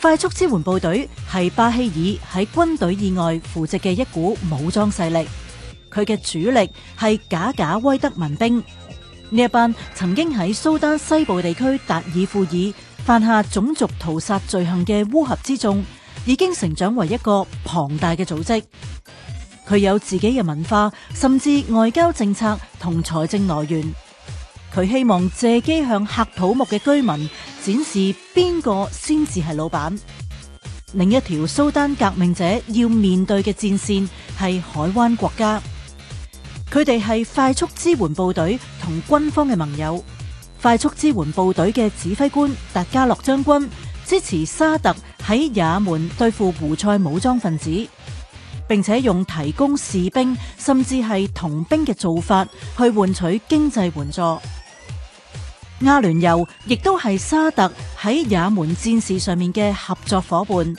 快速支援部隊係巴希爾喺軍隊以外扶植嘅一股武裝勢力，佢嘅主力係賈賈威德民兵。呢一班曾經喺蘇丹西部地區達爾富爾犯下種族屠殺罪行嘅烏合之眾，已經成長為一個龐大嘅組織。佢有自己嘅文化，甚至外交政策同財政來源。佢希望借機向喀土穆嘅居民，展示邊個先至係老闆。另一條蘇丹革命者要面對嘅戰線係海灣國家，佢哋係快速支援部隊同軍方嘅盟友。快速支援部隊嘅指揮官達加洛將軍支持沙特喺也門對付胡塞武裝分子，並且用提供士兵，甚至係童兵嘅做法去換取經濟援助。阿聯酋亦都係沙特喺也門戰事上面嘅合作伙伴，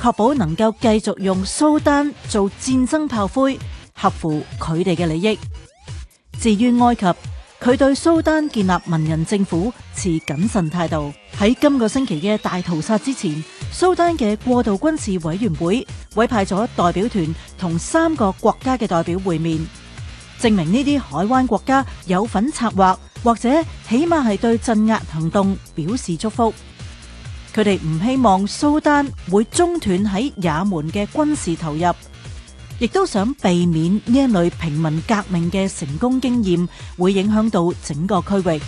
確保能夠繼續用蘇丹做戰爭炮灰，合乎佢哋嘅利益。至於埃及，佢對蘇丹建立文人政府持謹慎態度。喺今個星期嘅大屠殺之前，蘇丹嘅過渡軍事委員會委派咗代表團同三個國家嘅代表會面，證明呢啲海灣國家有份策劃。或者，起碼係對鎮壓行動表示祝福。佢哋唔希望蘇丹會中斷喺也門嘅軍事投入，亦都想避免呢一類平民革命嘅成功經驗會影響到整個區域。